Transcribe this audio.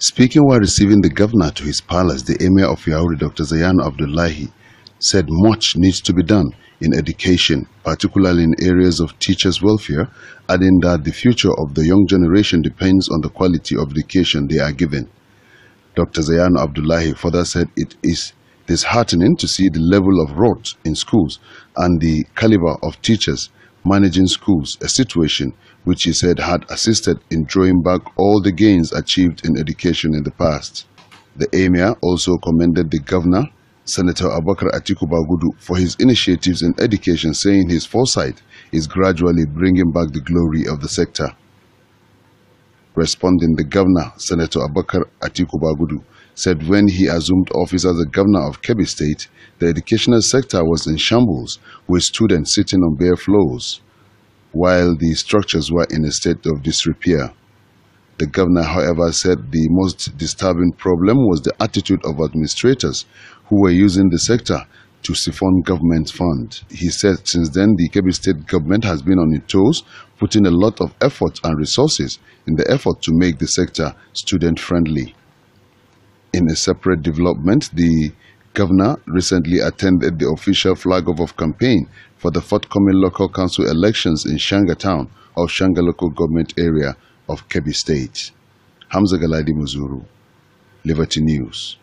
Speaking while receiving the governor to his palace, the Emir of Yauri, Dr. Zayano Abdullahi, said much needs to be done in education, particularly in areas of teachers' welfare, adding that the future of the young generation depends on the quality of education they are given. Dr. Zayano Abdullahi further said it is disheartening to see the level of rot in schools and the caliber of teachers managing schools, a situation which he said had assisted in drawing back all the gains achieved in education in the past. The Emir also commended the governor, Senator Abakar Atiku Bagudu, for his initiatives in education, saying his foresight is gradually bringing back the glory of the sector. Responding, the governor, Senator Abakar Atiku Bagudu, said when he assumed office as the governor of Kebbi State, the educational sector was in shambles, with students sitting on bare floors, while the structures were in a state of disrepair. The governor, however, said the most disturbing problem was the attitude of administrators who were using the sector to siphon government fund. He said since then the Kebbi state government has been on its toes, putting a lot of effort and resources in the effort to make the sector student-friendly. In a separate development, the governor recently attended the official flag-off of campaign for the forthcoming local council elections in Shanga town of Shanga local government area of Kebbi state. Hamza Galadi Muzuru, Liberty News.